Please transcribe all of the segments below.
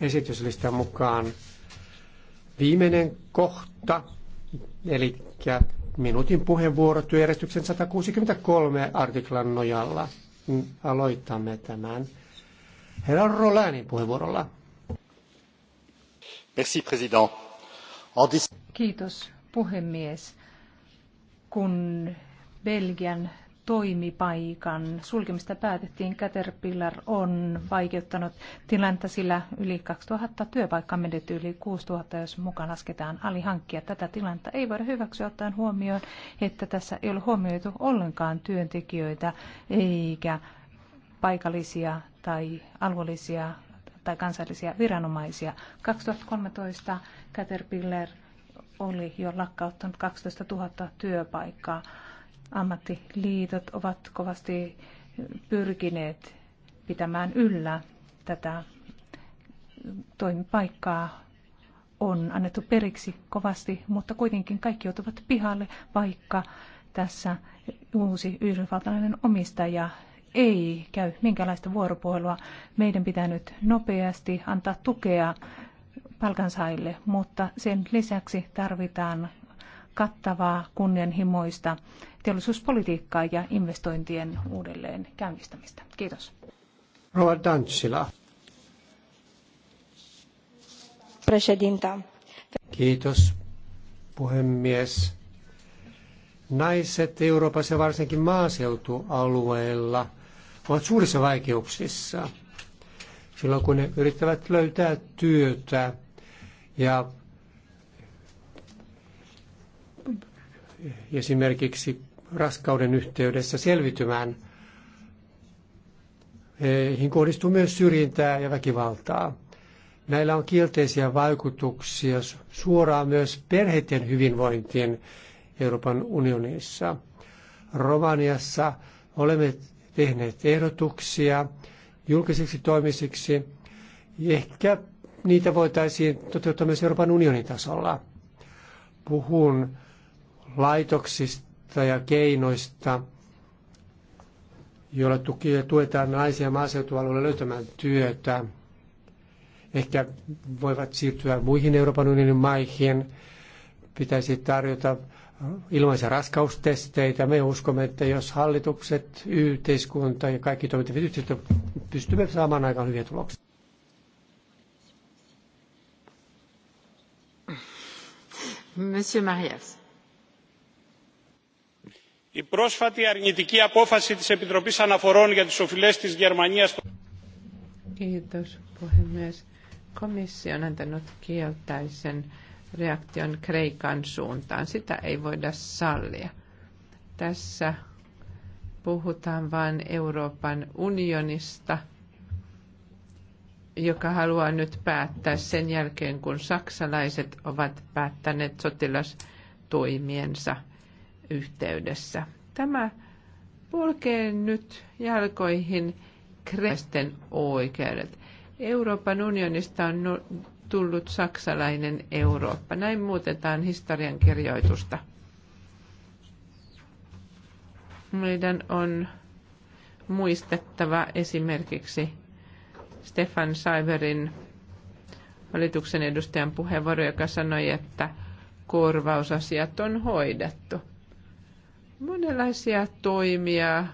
esityslistan mukaan viimeinen kohta, eli minuutin puheenvuoro työjärjestyksen 163 artiklan nojalla. Mm, aloitamme tämän. Herra Rolainin puheenvuorolla. Merci, president. Kiitos, puhemies. Kun Belgian toimipaikan sulkemista päätettiin, Caterpillar on vaikeuttanut tilannetta, sillä yli 2000 työpaikkaa menetty yli 6000, jos mukaan lasketaan alihankkia. Tätä tilannetta ei voida hyväksyä ottaen huomioon, että tässä ei ole huomioitu ollenkaan työntekijöitä eikä paikallisia tai alueellisia tai kansallisia viranomaisia. 2013 Caterpillar oli jo lakkauttanut 12 000 työpaikkaa ammattiliitot ovat kovasti pyrkineet pitämään yllä tätä toimipaikkaa. On annettu periksi kovasti, mutta kuitenkin kaikki joutuvat pihalle, vaikka tässä uusi yhdysvaltalainen omistaja ei käy minkälaista vuoropuhelua. Meidän pitää nyt nopeasti antaa tukea palkansaajille, mutta sen lisäksi tarvitaan kattavaa, kunnianhimoista teollisuuspolitiikkaa ja investointien uudelleen käynnistämistä. Kiitos. Rova Dantsila. Presidenta. Kiitos, puhemies. Naiset Euroopassa ja varsinkin maaseutualueilla ovat suurissa vaikeuksissa silloin, kun ne yrittävät löytää työtä ja esimerkiksi raskauden yhteydessä selvitymään. Heihin kohdistuu myös syrjintää ja väkivaltaa. Näillä on kielteisiä vaikutuksia suoraan myös perheiden hyvinvointiin Euroopan unionissa. Romaniassa olemme tehneet ehdotuksia julkisiksi toimisiksi. Ehkä niitä voitaisiin toteuttaa myös Euroopan unionin tasolla. Puhun laitoksista ja keinoista, joilla tuetaan naisia maaseutualueilla löytämään työtä. Ehkä voivat siirtyä muihin Euroopan unionin maihin. Pitäisi tarjota ilmaisia raskaustesteitä. Me uskomme, että jos hallitukset, yhteiskunta ja kaikki toimintavat yhteistyö pystymme saamaan aikaan hyviä tuloksia. Monsieur Marias η πρόσφατη αρνητική απόφαση της Επιτροπής Αναφορών για τις οφειλές της Γερμανίας... Kiitos, puhemies. Komissio on antanut kieltäisen reaktion Kreikan suuntaan. Sitä ei voida sallia. Tässä puhutaan vain Euroopan unionista, joka haluaa nyt päättää sen jälkeen, kun saksalaiset ovat päättäneet sotilastoimiensa – yhteydessä. Tämä polkee nyt jalkoihin kreisten oikeudet. Euroopan unionista on tullut saksalainen Eurooppa. Näin muutetaan historian kirjoitusta. Meidän on muistettava esimerkiksi Stefan Saiverin valituksen edustajan puheenvuoro, joka sanoi, että korvausasiat on hoidettu. Monenlaisia toimia,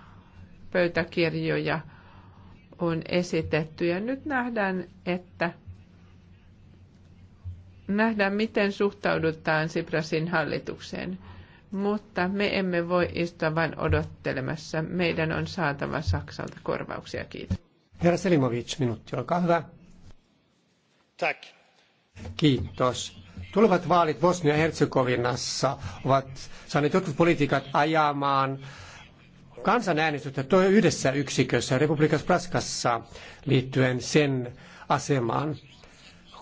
pöytäkirjoja on esitetty ja nyt nähdään, että nähdään, miten suhtaudutaan Siprasin hallitukseen. Mutta me emme voi istua vain odottelemassa. Meidän on saatava Saksalta korvauksia. Kiitos. Herra Selimovic, minuutti, olkaa hyvä. Tack. Kiitos. Tulevat vaalit Bosnia-Herzegovinassa ovat saaneet jotkut politiikat ajamaan kansanäänestystä yhdessä yksikössä Republikas Praskassa liittyen sen asemaan.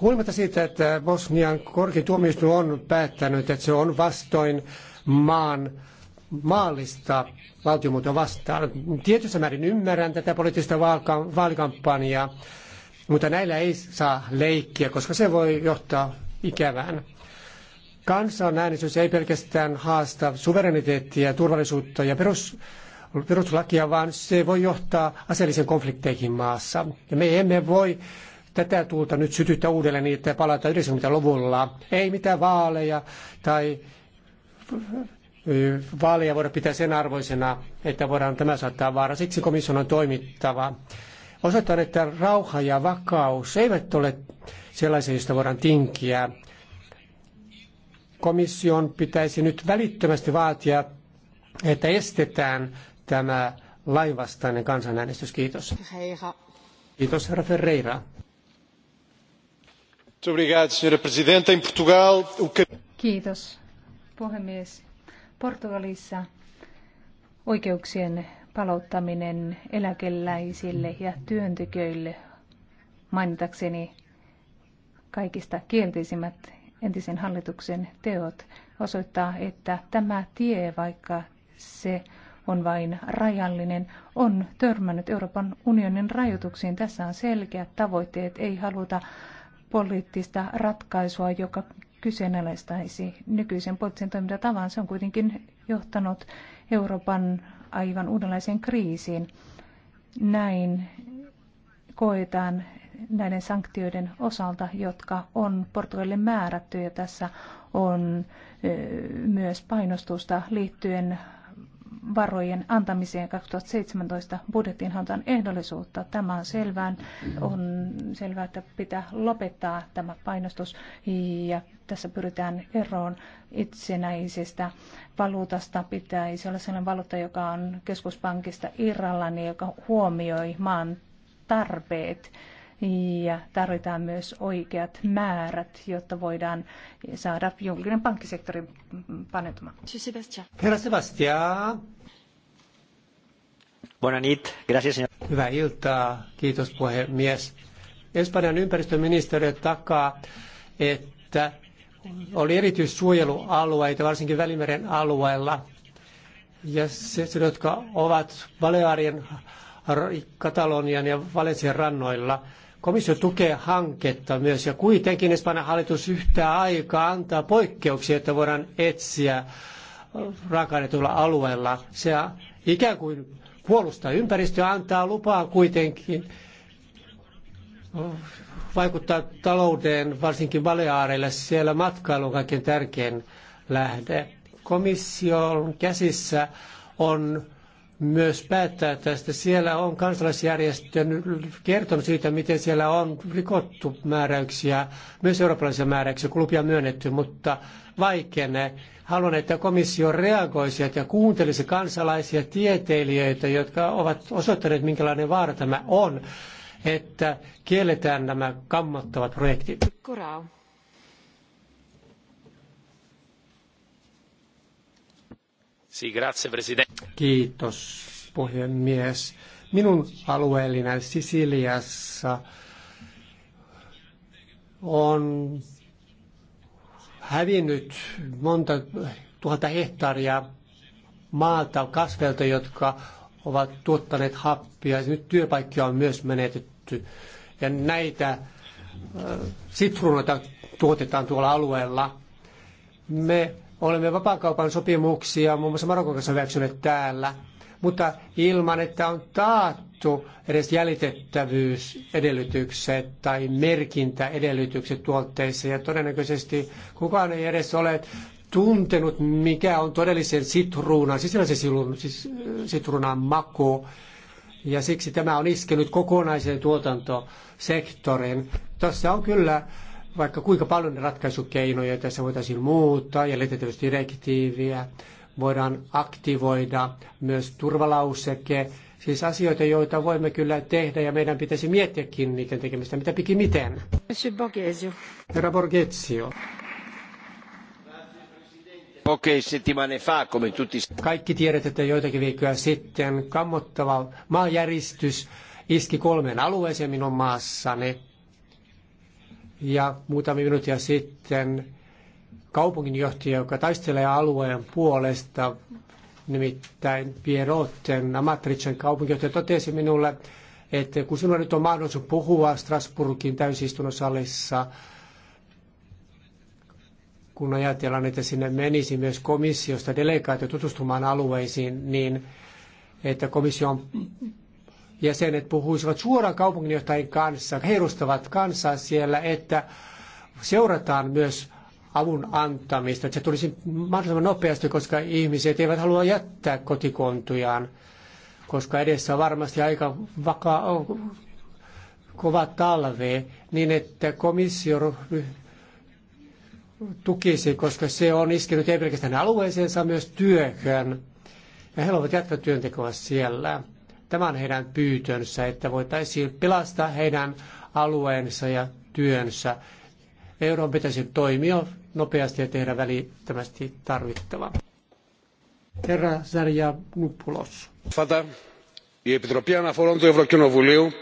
Huolimatta siitä, että Bosnian korkein tuomioistuin on päättänyt, että se on vastoin maan maallista valtiomuutoa vastaan. Tietyssä määrin ymmärrän tätä poliittista vaalikampanjaa, mutta näillä ei saa leikkiä, koska se voi johtaa ikävään. Kansanäänestys ei pelkästään haasta suvereniteettia, turvallisuutta ja perus, vaan se voi johtaa aseellisiin konflikteihin maassa. Ja me emme voi tätä tuulta nyt sytyttää uudelleen niin, että palataan 90-luvulla. Ei mitään vaaleja tai vaaleja voida pitää sen arvoisena, että voidaan tämä saattaa vaara. Siksi komission on toimittava osoittaa, että rauha ja vakaus eivät ole sellaisia, joista voidaan tinkiä. Komission pitäisi nyt välittömästi vaatia, että estetään tämä lainvastainen kansanäänestys. Kiitos. Kiitos, herra Ferreira. Kiitos, puhemies. Portugalissa oikeuksien palauttaminen eläkeläisille ja työntekijöille mainitakseni kaikista kielteisimmät entisen hallituksen teot osoittaa, että tämä tie, vaikka se on vain rajallinen, on törmännyt Euroopan unionin rajoituksiin. Tässä on selkeät tavoitteet. Ei haluta poliittista ratkaisua, joka kyseenalaistaisi nykyisen poliittisen toimintatavan. Se on kuitenkin johtanut Euroopan aivan uudenlaiseen kriisiin. Näin koetaan näiden sanktioiden osalta, jotka on Portugalille määrätty ja tässä on myös painostusta liittyen varojen antamiseen 2017 budjettiin halutaan ehdollisuutta. Tämä on selvää, on selvää, että pitää lopettaa tämä painostus ja tässä pyritään eroon itsenäisestä valuutasta. Pitäisi olla sellainen valuutta, joka on keskuspankista irrallaan niin joka huomioi maan tarpeet ja tarvitaan myös oikeat määrät, jotta voidaan saada julkinen pankkisektori paneutumaan. Herra Sebastian. gracias. Hyvää iltaa, kiitos puhemies. Espanjan ympäristöministeriö takaa, että oli erityissuojelualueita, varsinkin Välimeren alueella. Ja se, jotka ovat Balearien, Katalonian ja Valensian rannoilla, Komissio tukee hanketta myös ja kuitenkin Espanjan hallitus yhtä aikaa antaa poikkeuksia, että voidaan etsiä rakennetulla alueella. Se ikään kuin puolustaa ympäristöä, antaa lupaa kuitenkin vaikuttaa talouteen, varsinkin Baleaareille, siellä matkailu on kaikkein tärkein lähde. Komission käsissä on myös päättää tästä. Siellä on kansalaisjärjestön kertonut siitä, miten siellä on rikottu määräyksiä, myös eurooppalaisia määräyksiä, kun lupia myönnetty, mutta vaikenee. Haluan, että komissio reagoisi ja kuuntelisi kansalaisia tieteilijöitä, jotka ovat osoittaneet, minkälainen vaara tämä on, että kielletään nämä kammottavat projektit. Kurau. Kiitos puhemies. Minun alueellinen Sisiliassa on hävinnyt monta tuhatta hehtaaria maata kasvelta, jotka ovat tuottaneet happia. Nyt työpaikkoja on myös menetetty. Ja näitä äh, sitruunoita tuotetaan tuolla alueella. Me Olemme vapaakaupan sopimuksia muun muassa Marokon kanssa hyväksyneet täällä, mutta ilman, että on taattu edes jäljitettävyysedellytykset tai merkintäedellytykset tuotteissa. Ja todennäköisesti kukaan ei edes ole tuntenut, mikä on todellisen sitruunan, sisäisen siis, äh, sitruunan maku. Ja siksi tämä on iskenyt kokonaiseen tuotantosektorin. Tässä on kyllä vaikka kuinka paljon ratkaisukeinoja tässä voitaisiin muuttaa ja letettävyysdirektiiviä, voidaan aktivoida myös turvalauseke, siis asioita, joita voimme kyllä tehdä ja meidän pitäisi miettiäkin niiden tekemistä, mitä piki miten. Herra Borghezio. Kaikki tiedät, että joitakin viikkoja sitten kammottava maanjäristys iski kolmeen alueeseen minun maassani ja muutamia minuuttia sitten kaupunginjohtaja, joka taistelee alueen puolesta, nimittäin Pierrotten, Amatricen kaupunginjohtaja, totesi minulle, että kun sinulla nyt on mahdollisuus puhua Strasbourgin täysistunnosalissa, kun ajatellaan, että sinne menisi myös komissiosta delegaatio tutustumaan alueisiin, niin että komissio on jäsenet puhuisivat suoraan kaupunginjohtajien kanssa, he edustavat kansaa siellä, että seurataan myös avun antamista, että se tulisi mahdollisimman nopeasti, koska ihmiset eivät halua jättää kotikontujaan, koska edessä on varmasti aika vakaa, kova talve, niin että komissio tukisi, koska se on iskenyt ei pelkästään alueeseensa, myös työhön. Ja he haluavat jatkaa työntekoa siellä. Tämä on heidän pyytönsä, että voitaisiin pelastaa heidän alueensa ja työnsä. Euron pitäisi toimia nopeasti ja tehdä välittömästi tarvittava. Herra Sarja Nupulos. Fata, η Επιτροπή Αναφορών του Ευρωκοινοβουλίου.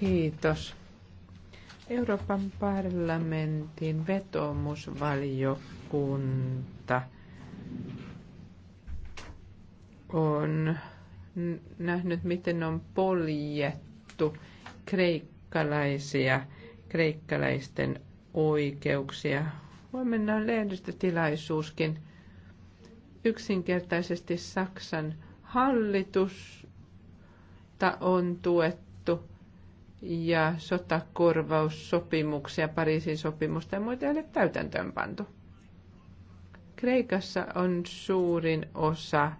Kiitos. Euroopan parlamentin vetomusvaliokunta on nähnyt, miten on poljettu kreikkalaisia, kreikkalaisten oikeuksia. Voi mennä lehdistötilaisuuskin. Yksinkertaisesti Saksan hallitusta on tuettu ja sotakorvaussopimuksia, Pariisin sopimusta ja muita ei ole täytäntöönpantu. Kreikassa on suurin osa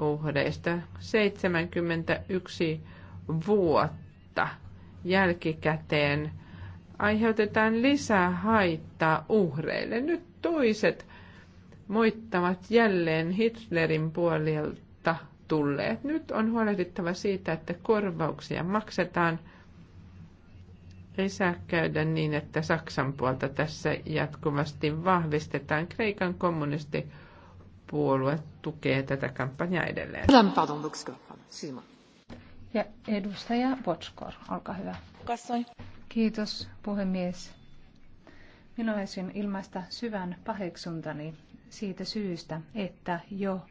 uhreista 71 vuotta jälkikäteen aiheutetaan lisää haittaa uhreille. Nyt toiset moittavat jälleen Hitlerin puolelta tulleet. Nyt on huolehdittava siitä, että korvauksia maksetaan. Ei saa käydä niin, että Saksan puolta tässä jatkuvasti vahvistetaan Kreikan kommunisti puolue tukee tätä kampanjaa edelleen. Ja edustaja Botskor, olkaa hyvä. Kassoin. Kiitos puhemies. Minä olisin ilmaista syvän paheksuntani siitä syystä, että jo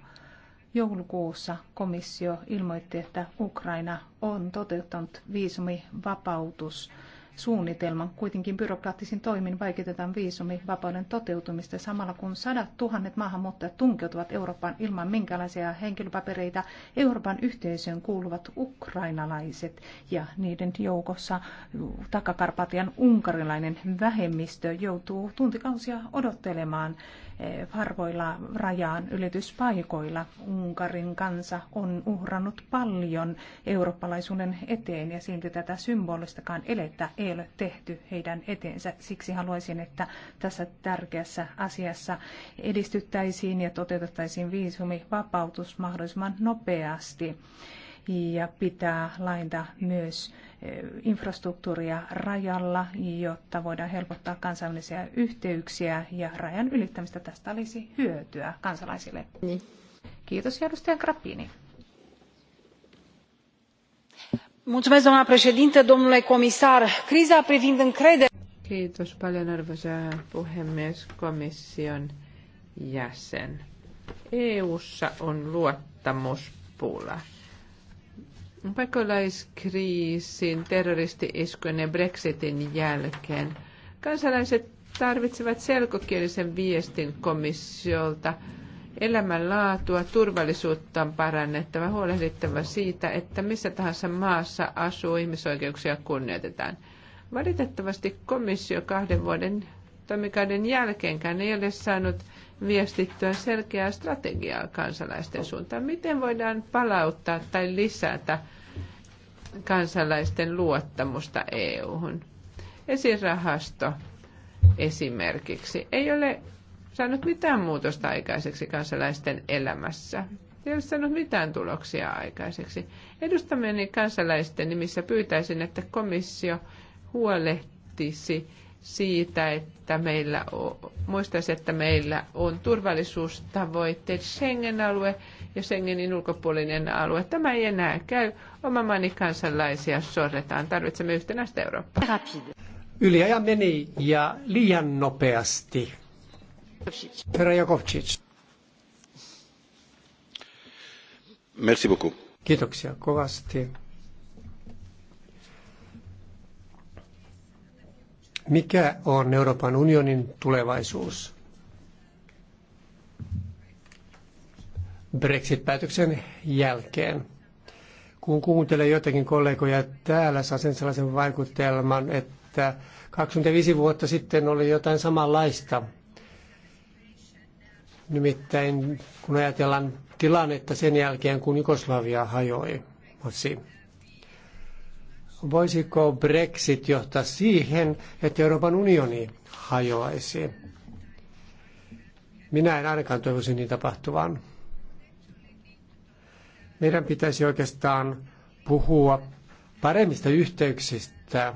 joulukuussa komissio ilmoitti, että Ukraina on toteuttanut viisumivapautus suunnitelman. Kuitenkin byrokraattisin toimin vaikeutetaan viisumivapauden toteutumista samalla kun sadat tuhannet maahanmuuttajat tunkeutuvat Eurooppaan ilman minkälaisia henkilöpapereita. Euroopan yhteisöön kuuluvat ukrainalaiset ja niiden joukossa takakarpatian unkarilainen vähemmistö joutuu tuntikausia odottelemaan eh, harvoilla rajaan ylityspaikoilla. Unkarin kansa on uhrannut paljon eurooppalaisuuden eteen ja silti tätä symbolistakaan elettä ei ole tehty heidän eteensä. Siksi haluaisin, että tässä tärkeässä asiassa edistyttäisiin ja toteutettaisiin viisumivapautus mahdollisimman nopeasti ja pitää lainta myös eh, infrastruktuuria rajalla, jotta voidaan helpottaa kansainvälisiä yhteyksiä ja rajan ylittämistä. Tästä olisi hyötyä kansalaisille. Niin. Kiitos edustaja Grappini doamnă președintă domnule comisar criza privind încrederea. Kiitos paljon jäsen. EU:ssa on luottamuspula. Pakolaiskriisin, terroristi-iskujen ja Brexitin jälkeen kansalaiset tarvitsevat selkokielisen viestin komissiolta Elämänlaatua, turvallisuutta on parannettava, huolehdittava siitä, että missä tahansa maassa asuu, ihmisoikeuksia kunnioitetaan. Valitettavasti komissio kahden vuoden toimikauden jälkeenkään ei ole saanut viestittyä selkeää strategiaa kansalaisten suuntaan. Miten voidaan palauttaa tai lisätä kansalaisten luottamusta EU-hun? Esirahasto esimerkiksi ei ole saanut mitään muutosta aikaiseksi kansalaisten elämässä. Ei ole saanut mitään tuloksia aikaiseksi. Edustamieni kansalaisten nimissä pyytäisin, että komissio huolehtisi siitä, että meillä on, muistaisi, että meillä on turvallisuustavoitteet Schengen-alue ja Schengenin ulkopuolinen alue. Tämä ei enää käy. Oma maani kansalaisia sorretaan. Tarvitsemme yhtenäistä Eurooppaa. Yliaja meni ja liian nopeasti. Herra Merci beaucoup. Kiitoksia kovasti. Mikä on Euroopan unionin tulevaisuus? Brexit-päätöksen jälkeen. Kun kuuntelee jotakin kollegoja täällä, saa sen sellaisen vaikutelman, että 25 vuotta sitten oli jotain samanlaista Nimittäin kun ajatellaan tilannetta sen jälkeen, kun Jugoslavia hajoi. Voisiko Brexit johtaa siihen, että Euroopan unioni hajoaisi? Minä en ainakaan toivoisi niin tapahtuvan. Meidän pitäisi oikeastaan puhua paremmista yhteyksistä,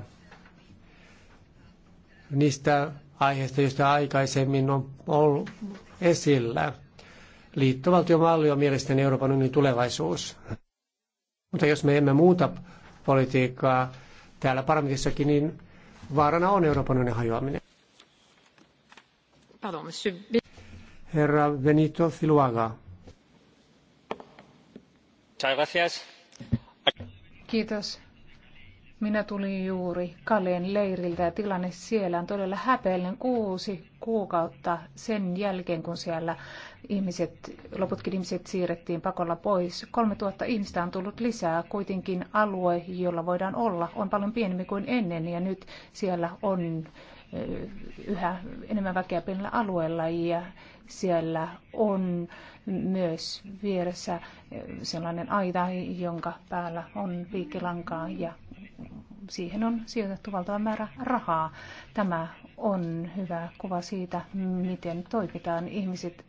niistä aiheista, joista aikaisemmin on ollut, esillä. Liittovaltiomalli on mielestäni Euroopan unionin tulevaisuus. Mutta jos me emme muuta politiikkaa täällä parlamentissakin, niin vaarana on Euroopan unionin hajoaminen. Pardon, monsieur... Herra Benito Filuaga. Kiitos. Minä tulin juuri Kaleen leiriltä ja tilanne siellä on todella häpeällinen kuusi kuukautta sen jälkeen, kun siellä ihmiset, loputkin ihmiset siirrettiin pakolla pois. 3000 ihmistä on tullut lisää. Kuitenkin alue, jolla voidaan olla, on paljon pienempi kuin ennen ja nyt siellä on yhä enemmän väkeä pienellä alueella ja siellä on myös vieressä sellainen aita, jonka päällä on viikkilankaa ja siihen on sijoitettu valtava määrä rahaa. Tämä on hyvä kuva siitä, miten toimitaan. Ihmiset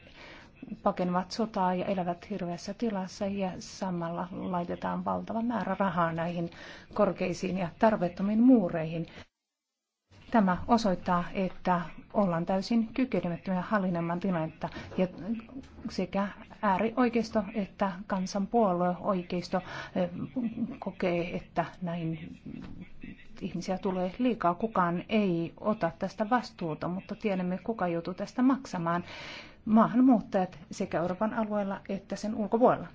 pakenevat sotaa ja elävät hirveässä tilassa ja samalla laitetaan valtava määrä rahaa näihin korkeisiin ja tarvettomiin muureihin. Tämä osoittaa, että ollaan täysin kykenemättömiä hallinnemman tilannetta ja sekä äärioikeisto että kansanpuolue oikeisto eh, kokee, että näin ihmisiä tulee liikaa. Kukaan ei ota tästä vastuuta, mutta tiedämme, kuka joutuu tästä maksamaan. Maahanmuuttajat sekä Euroopan alueella että sen ulkopuolella.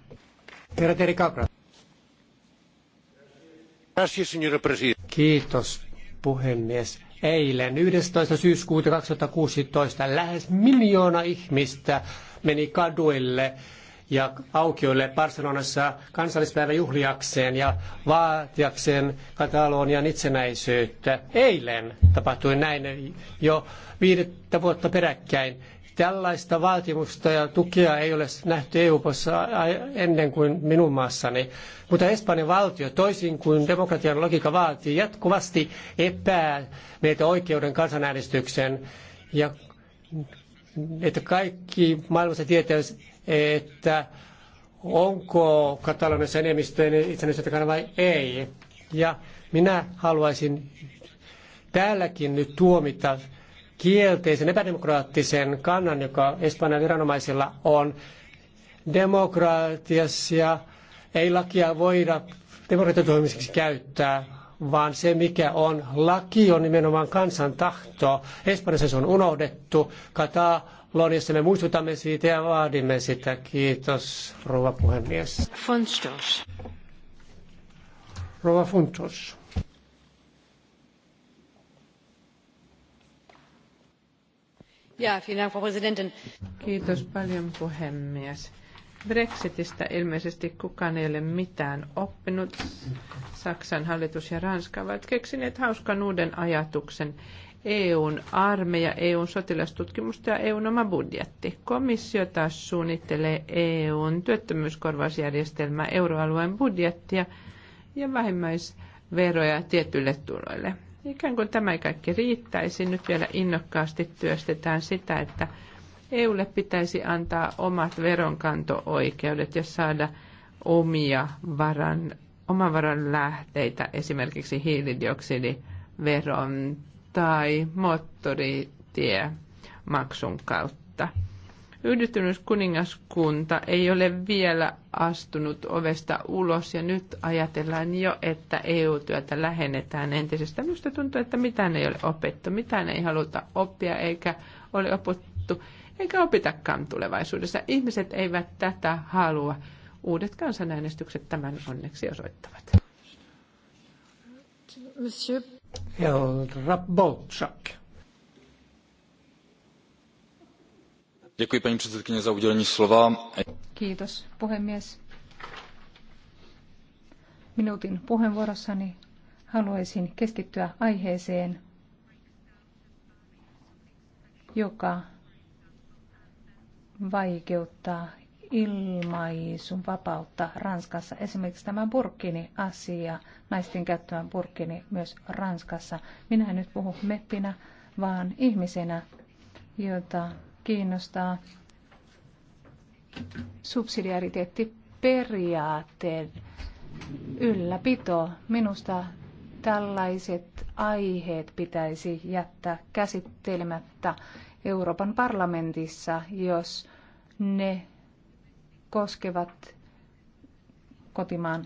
Kiitos puhemies eilen 11. syyskuuta 2016 lähes miljoona ihmistä meni kaduille ja aukioille Barcelonassa kansallispäivän juhliakseen ja vaatiakseen Katalonian itsenäisyyttä. Eilen tapahtui näin jo viidettä vuotta peräkkäin Tällaista vaatimusta ja tukea ei ole nähty eu ennen kuin minun maassani. Mutta Espanjan valtio, toisin kuin demokratian logiikka vaatii, jatkuvasti epää meitä oikeuden kansanäänestykseen. Ja että kaikki maailmassa tietäisi, että onko Kataloniassa enemmistö itsenäisyyttä kannalla vai ei. Ja minä haluaisin täälläkin nyt tuomita kielteisen epädemokraattisen kannan, joka Espanjan viranomaisilla on. Demokratiassa ei lakia voida demokratiatoimiseksi käyttää, vaan se mikä on laki on nimenomaan kansan tahto. Espanjassa se on unohdettu. Kataloniassa me muistutamme siitä ja vaadimme sitä. Kiitos, rouva puhemies. Funtos. Rouva Funtos. Kiitos paljon puhemies. Brexitistä ilmeisesti kukaan ei ole mitään oppinut. Saksan hallitus ja Ranska ovat keksineet hauskan uuden ajatuksen. EUn armeija, EUn sotilastutkimusta ja EUn oma budjetti. Komissio taas suunnittelee EUn työttömyyskorvausjärjestelmää, euroalueen budjettia ja vähimmäisveroja tietyille tuloille. Ikään kuin tämä ei kaikki riittäisi, nyt vielä innokkaasti työstetään sitä, että EUlle pitäisi antaa omat veronkanto-oikeudet ja saada omia varan, oman varan lähteitä, esimerkiksi hiilidioksidiveron tai moottoritie maksun kautta. Yhdistynyt kuningaskunta ei ole vielä astunut ovesta ulos ja nyt ajatellaan jo, että EU-työtä lähennetään entisestään. Minusta tuntuu, että mitään ei ole opettu, mitään ei haluta oppia eikä ole opittu, eikä opitakaan tulevaisuudessa. Ihmiset eivät tätä halua. Uudet kansanäänestykset tämän onneksi osoittavat. Monsieur. Herra Bolchak. paní předsedající Kiitos puhemies. Minuutin puheenvuorossani haluaisin keskittyä aiheeseen, joka vaikeuttaa ilmaisun vapautta Ranskassa. Esimerkiksi tämä burkini-asia, naisten käyttämä burkini myös Ranskassa. Minä en nyt puhu meppinä, vaan ihmisenä, jota kiinnostaa subsidiariteettiperiaatteen ylläpito. Minusta tällaiset aiheet pitäisi jättää käsittelemättä Euroopan parlamentissa, jos ne koskevat kotimaan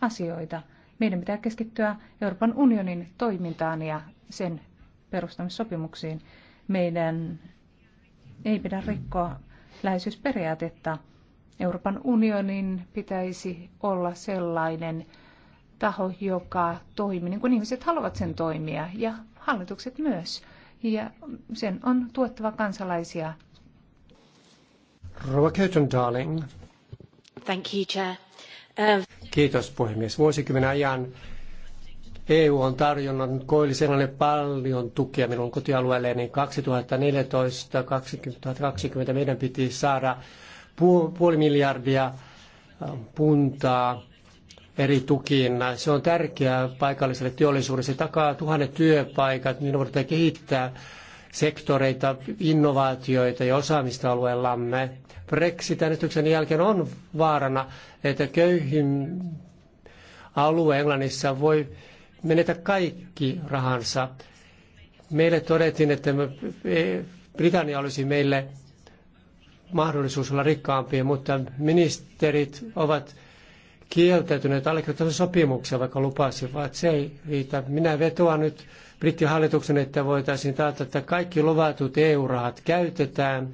asioita. Meidän pitää keskittyä Euroopan unionin toimintaan ja sen perustamissopimuksiin. Meidän ei pidä rikkoa läheisyysperiaatetta. Euroopan unionin pitäisi olla sellainen taho, joka toimii niin kuin ihmiset haluavat sen toimia ja hallitukset myös. Ja sen on tuettava kansalaisia. Rova darling. Thank you, Chair. Uh, Kiitos puhemies. Vuosikymmenen ajan EU on tarjonnut koillisena paljon tukea minun kotialueelleni. Niin 2014-2020 meidän piti saada puoli miljardia ähm, puntaa eri tukiin. Se on tärkeää paikalliselle teollisuudelle. Se takaa tuhannet työpaikat, niin voidaan kehittää sektoreita, innovaatioita ja osaamista alueellamme. Brexit-äänestyksen jälkeen on vaarana, että köyhin alue Englannissa voi menetä kaikki rahansa. Meille todettiin, että me, e- Britannia olisi meille mahdollisuus olla rikkaampia, mutta ministerit ovat kieltäytyneet allekirjoittamisen sopimuksia, vaikka lupasivat. Se ei riitä. Minä vetoan nyt brittihallituksen, että voitaisiin taata, että kaikki luvatut EU-rahat käytetään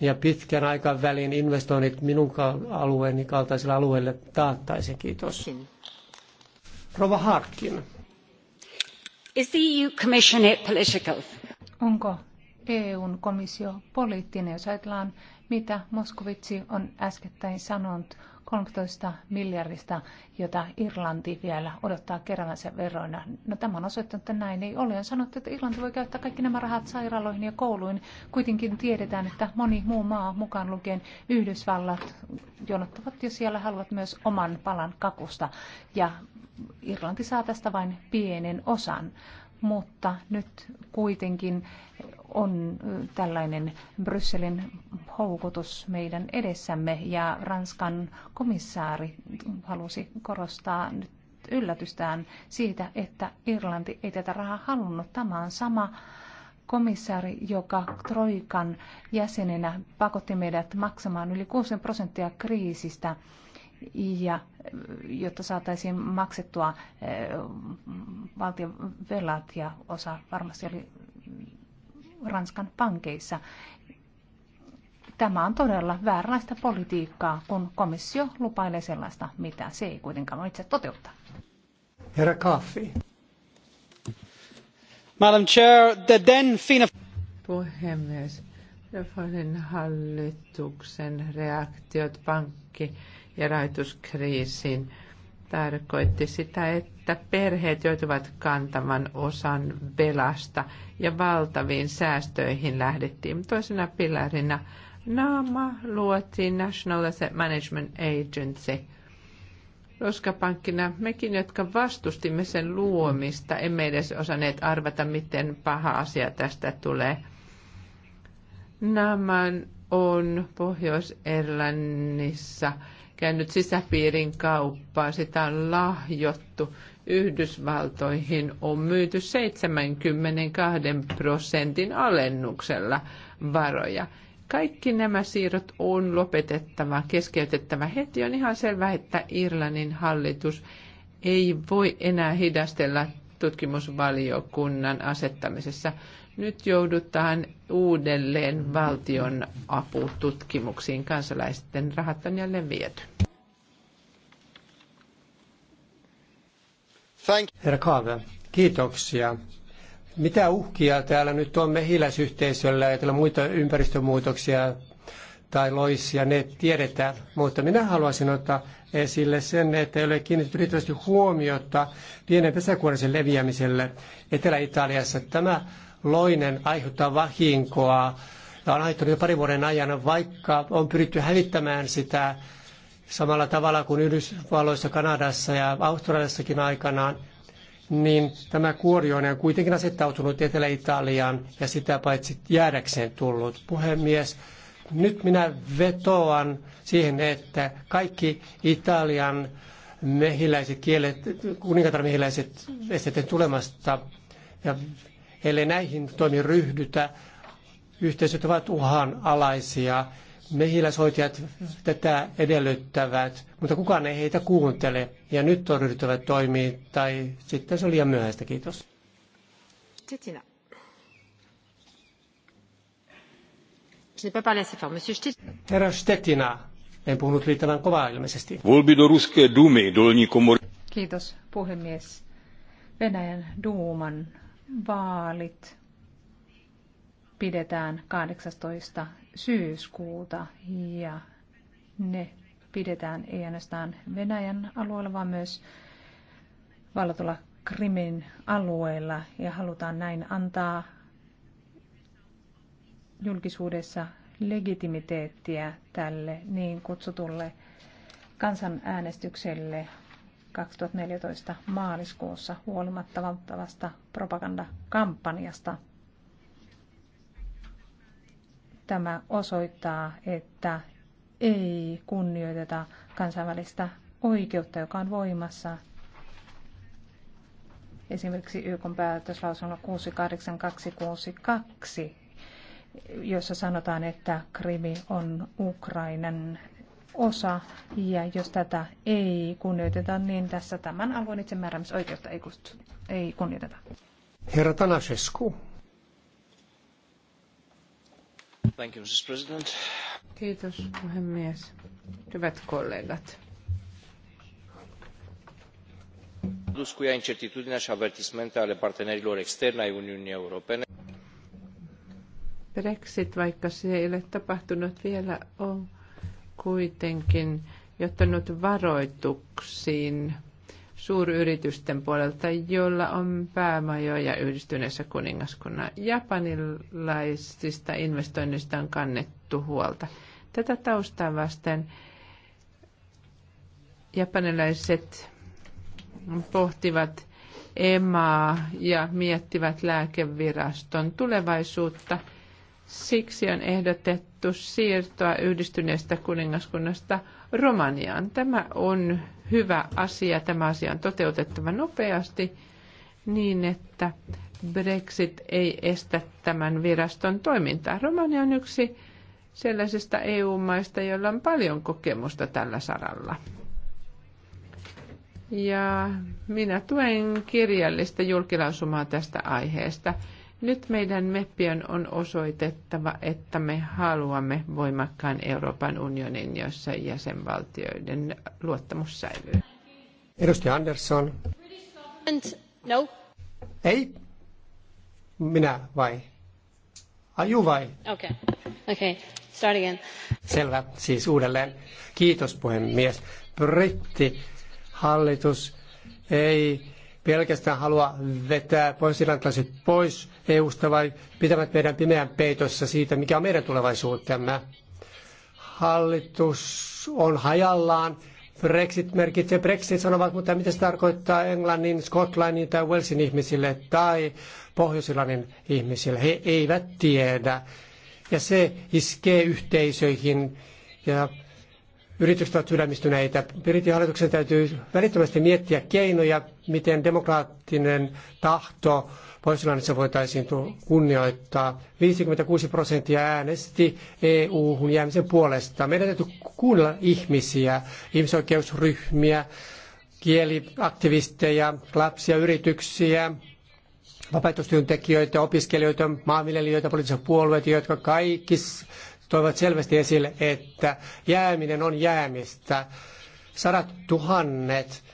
ja pitkän aikavälin investoinnit minun alueeni kaltaisille alueille taattaisiin. Kiitos. Rova Harkin. E Onko EU Onko EUn komissio poliittinen, jos ajatellaan, mitä Moskovitsi on äskettäin sanonut 13 miljardista, jota Irlanti vielä odottaa keräänsä veroina. No tämä on osoittanut, että näin ei ole. On sanottu, että Irlanti voi käyttää kaikki nämä rahat sairaaloihin ja kouluihin. Kuitenkin tiedetään, että moni muu maa, mukaan lukien Yhdysvallat, jonottavat jo siellä haluavat myös oman palan kakusta. Ja Irlanti saa tästä vain pienen osan mutta nyt kuitenkin on tällainen Brysselin houkutus meidän edessämme ja Ranskan komissaari halusi korostaa nyt yllätystään siitä, että Irlanti ei tätä rahaa halunnut. Tämä on sama komissaari, joka Troikan jäsenenä pakotti meidät maksamaan yli 6 prosenttia kriisistä ja jotta saataisiin maksettua eh, valtion velat ja osa varmasti oli Ranskan pankeissa. Tämä on todella vääränlaista politiikkaa, kun komissio lupailee sellaista, mitä se ei kuitenkaan itse toteuttaa. Herra Kaffi. Madam Chair, the then Fina... Puhemies, Refarin hallituksen reaktiot pankki ja rahoituskriisin tarkoitti sitä, että perheet joutuvat kantamaan osan velasta ja valtaviin säästöihin lähdettiin. Toisena pilarina Naama luotiin National Asset Management Agency. Roskapankkina mekin, jotka vastustimme sen luomista, emme edes osanneet arvata, miten paha asia tästä tulee. Naaman on pohjois erlannissa käynyt sisäpiirin kauppaa, sitä on lahjottu. Yhdysvaltoihin on myyty 72 prosentin alennuksella varoja. Kaikki nämä siirrot on lopetettava, keskeytettävä heti. On ihan selvää, että Irlannin hallitus ei voi enää hidastella tutkimusvaliokunnan asettamisessa. Nyt joudutaan uudelleen valtion apututkimuksiin. Kansalaisten rahat on jälleen viety. Herra Kaave, kiitoksia. Mitä uhkia täällä nyt on mehiläisyhteisöllä ja muita ympäristömuutoksia tai loisia, ne tiedetään. Mutta minä haluaisin ottaa esille sen, että ei ole kiinnitetty riittävästi huomiota pienen pesäkuorisen leviämiselle Etelä-Italiassa. Tämä loinen aiheuttaa vahinkoa ja on aiheuttanut jo parin vuoden ajan, vaikka on pyritty hävittämään sitä samalla tavalla kuin Yhdysvalloissa, Kanadassa ja Australiassakin aikanaan, niin tämä kuorioinen on kuitenkin asettautunut Etelä-Italiaan ja sitä paitsi jäädäkseen tullut. Puhemies, nyt minä vetoan siihen, että kaikki Italian mehiläiset kielet, kuningatar mehiläiset estetään tulemasta ja ellei näihin toimiin ryhdytä, yhteisöt ovat uhanalaisia. Mehiläishoitajat tätä edellyttävät, mutta kukaan ei heitä kuuntele. Ja nyt on ryhdyttävä toimiin, tai sitten se on liian myöhäistä. Kiitos. Stettina. Herra Stettina, en puhunut riittävän kovaa ilmeisesti. Kiitos puhemies. Venäjän duuman vaalit pidetään 18. syyskuuta ja ne pidetään ei ainoastaan Venäjän alueella, vaan myös vallatulla Krimin alueella ja halutaan näin antaa julkisuudessa legitimiteettiä tälle niin kutsutulle kansanäänestykselle 2014 maaliskuussa huolimatta valtavasta propagandakampanjasta. Tämä osoittaa, että ei kunnioiteta kansainvälistä oikeutta, joka on voimassa. Esimerkiksi YK päätöslausunnolla 68262, jossa sanotaan, että Krimi on Ukrainan osa, ja jos tätä ei kunnioiteta, niin tässä tämän alueen itsemääräämisoikeutta ei, ei kunnioiteta. Herra Tanasescu. Thank you, Mrs. President. Kiitos, puhemies. Hyvät kollegat. plus cu ea incertitudinea și avertismente ale partenerilor externi ai Uniunii Europene. Brexit, vaikka se ei ole tapahtunut vielä, on kuitenkin johtanut varoituksiin suuryritysten puolelta, joilla on päämajoja yhdistyneessä kuningaskunnan japanilaisista investoinnista on kannettu huolta. Tätä taustaa vasten japanilaiset pohtivat emaa ja miettivät lääkeviraston tulevaisuutta – Siksi on ehdotettu siirtoa yhdistyneestä kuningaskunnasta Romaniaan. Tämä on hyvä asia. Tämä asia on toteutettava nopeasti niin, että Brexit ei estä tämän viraston toimintaa. Romania on yksi sellaisista EU-maista, joilla on paljon kokemusta tällä saralla. Ja minä tuen kirjallista julkilausumaa tästä aiheesta. Nyt meidän meppien on osoitettava, että me haluamme voimakkaan Euroopan unionin, jossa jäsenvaltioiden luottamus säilyy. Edustaja Andersson. No. Ei. Minä vai? Aju vai? Okei. Okay. Okay. Start again. Selvä. Siis uudelleen. Kiitos puhemies. Britti hallitus ei pelkästään halua vetää pohjois-irlantilaiset pois EU-sta, vai pitävät meidän pimeän peitossa siitä, mikä on meidän tulevaisuutemme. Hallitus on hajallaan. Brexit merkitsee Brexit sanovat, mutta mitä se tarkoittaa Englannin, Skotlannin tai Walesin ihmisille tai Pohjois-Irlannin ihmisille. He eivät tiedä. Ja se iskee yhteisöihin ja yritykset ovat sydämistyneitä. Britin hallituksen täytyy välittömästi miettiä keinoja, miten demokraattinen tahto Pohjois-Irlannissa voitaisiin kunnioittaa. 56 prosenttia äänesti EU-hun jäämisen puolesta. Meidän täytyy kuunnella ihmisiä, ihmisoikeusryhmiä, kieliaktivisteja, lapsia, yrityksiä, vapaaehtoistyöntekijöitä, opiskelijoita, maanviljelijöitä, poliittisia puolueita, jotka kaikki toivat selvästi esille, että jääminen on jäämistä. Sadat tuhannet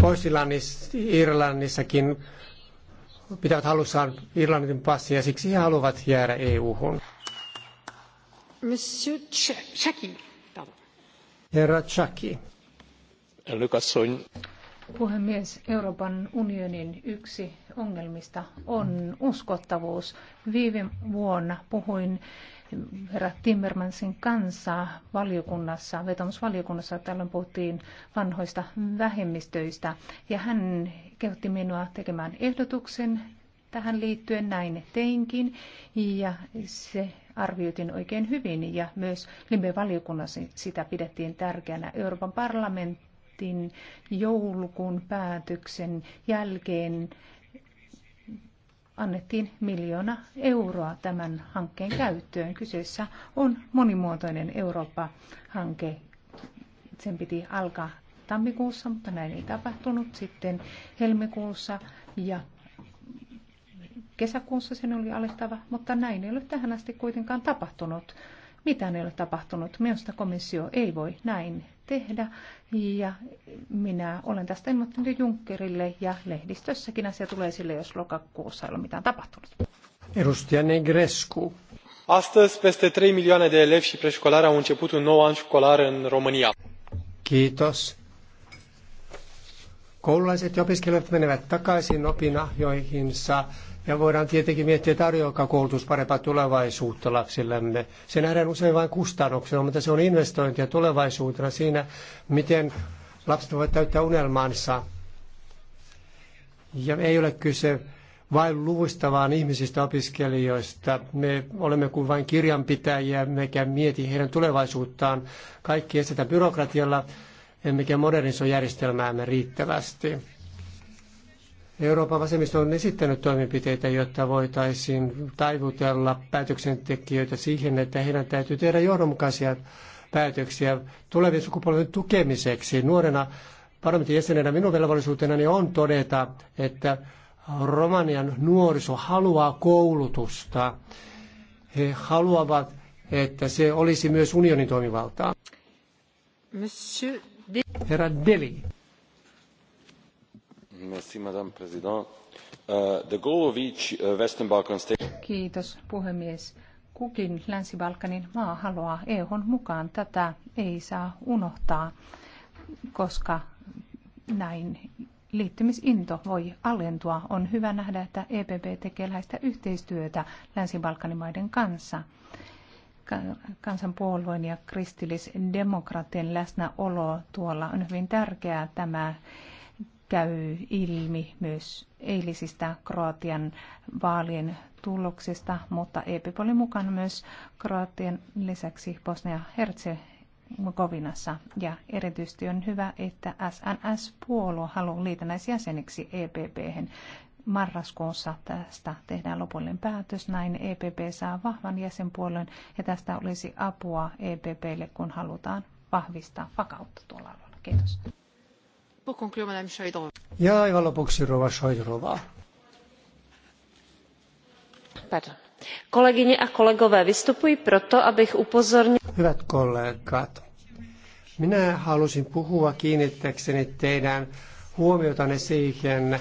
Pohjois-Irlannissa, Irlannissakin pitävät halussaan Irlannin passia, siksi he haluavat jäädä EU-hun. Monsieur Chaki. Herra Chucky. Elnök Puhemies, Euroopan unionin yksi ongelmista on uskottavuus. Viime vuonna puhuin herra Timmermansin kanssa valiokunnassa, vetomusvaliokunnassa, tällöin puhuttiin vanhoista vähemmistöistä, ja hän kehotti minua tekemään ehdotuksen tähän liittyen näin teinkin ja se arvioitiin oikein hyvin ja myös Limbe-valiokunnassa sitä pidettiin tärkeänä. Euroopan parlamentti Parlamentin joulukuun päätöksen jälkeen annettiin miljoona euroa tämän hankkeen käyttöön. Kyseessä on monimuotoinen Eurooppa-hanke. Sen piti alkaa tammikuussa, mutta näin ei tapahtunut. Sitten helmikuussa ja kesäkuussa sen oli alettava, mutta näin ei ole tähän asti kuitenkaan tapahtunut mitään ei ole tapahtunut. Minusta komissio ei voi näin tehdä ja minä olen tästä ilmoittanut Junckerille ja lehdistössäkin asia tulee sille, jos lokakuussa ei ole mitään tapahtunut. Edustaja Negrescu. Astăzi peste 3 milioane de elevi și preșcolari au început un nou an școlar în România. Kiitos. Koululaiset ja opiskelijat menevät takaisin opinahjoihinsa ja voidaan tietenkin miettiä, tarjoaa koulutus parempaa tulevaisuutta lapsillemme. Se nähdään usein vain kustannuksena, mutta se on investointia tulevaisuutena siinä, miten lapset voivat täyttää unelmansa. Ja ei ole kyse vain luvuista, vaan ihmisistä opiskelijoista. Me olemme kuin vain kirjanpitäjiä, mekä mieti heidän tulevaisuuttaan. Kaikki estetään byrokratialla, emmekä modernisoi järjestelmäämme riittävästi Euroopan vasemmisto on esittänyt toimenpiteitä, jotta voitaisiin taivutella päätöksentekijöitä siihen, että heidän täytyy tehdä johdonmukaisia päätöksiä tulevien sukupolven tukemiseksi. Nuorena parlamentin jäsenenä minun velvollisuutenani on todeta, että Romanian nuoriso haluaa koulutusta. He haluavat, että se olisi myös unionin toimivaltaa. Herra Deli madam president. Euh, the goal of each uh, western balkan state. Kiitos puhemies. Kukin Länsi-Balkanin maa haluaa EU:hun mukaan. Tätä ei saa unohtaa, koska näin liittymisinto voi alentua. On hyvä nähdä, että EPP tekee läheistä yhteistyötä Länsi-Balkanin maiden kanssa kansanpuolueen ja kristillisdemokraattien läsnäolo tuolla on hyvin tärkeää. Tämä käy ilmi myös eilisistä Kroatian vaalien tuloksista, mutta EPIP oli mukana myös Kroatian lisäksi Bosnia-Herzegovinassa. Ja erityisesti on hyvä, että SNS-puolue haluaa liitännäisjäseneksi epp -hän. Marraskuussa tästä tehdään lopullinen päätös. Näin EPP saa vahvan jäsenpuolen ja tästä olisi apua EPPlle, kun halutaan vahvistaa vakautta tuolla alueella. Kiitos. Pour conclure, Madame Shoidrova. Ja aivan lopuksi Rova Shoidrova. Pardon. Kolegyně a kolegové, vystupuji proto, abych upozornil... Hyvät kollegat, minä halusin puhua kiinnittäkseni teidän huomiotanne siihen,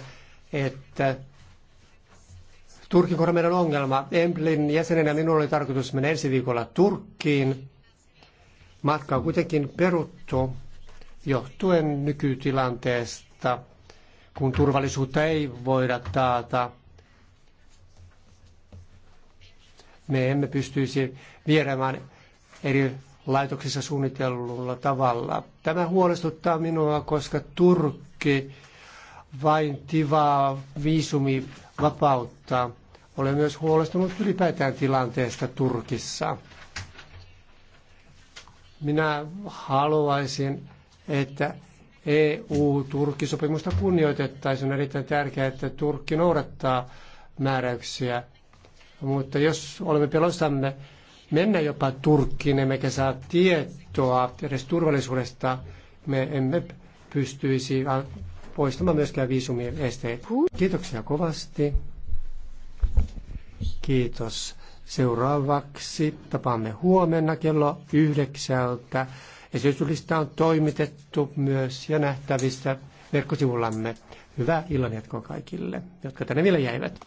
että Turkin kohdalla meidän ongelma. Emblin jäsenenä minulla oli tarkoitus mennä ensi viikolla Turkkiin. Matka on kuitenkin peruttu johtuen nykytilanteesta, kun turvallisuutta ei voida taata. Me emme pystyisi vieremään eri laitoksissa suunnitellulla tavalla. Tämä huolestuttaa minua, koska Turkki vain tivaa viisumi vapautta. Olen myös huolestunut ylipäätään tilanteesta Turkissa. Minä haluaisin että EU-Turkki-sopimusta kunnioitettaisiin. On erittäin tärkeää, että Turkki noudattaa määräyksiä. Mutta jos olemme pelossamme mennä jopa Turkkiin, emmekä saa tietoa edes turvallisuudesta, me emme pystyisi poistamaan myöskään viisumien esteitä. Kiitoksia kovasti. Kiitos. Seuraavaksi tapaamme huomenna kello yhdeksältä. Esityslista on toimitettu myös ja nähtävissä verkkosivullamme. Hyvää illanjatkoa kaikille, jotka tänne vielä jäivät.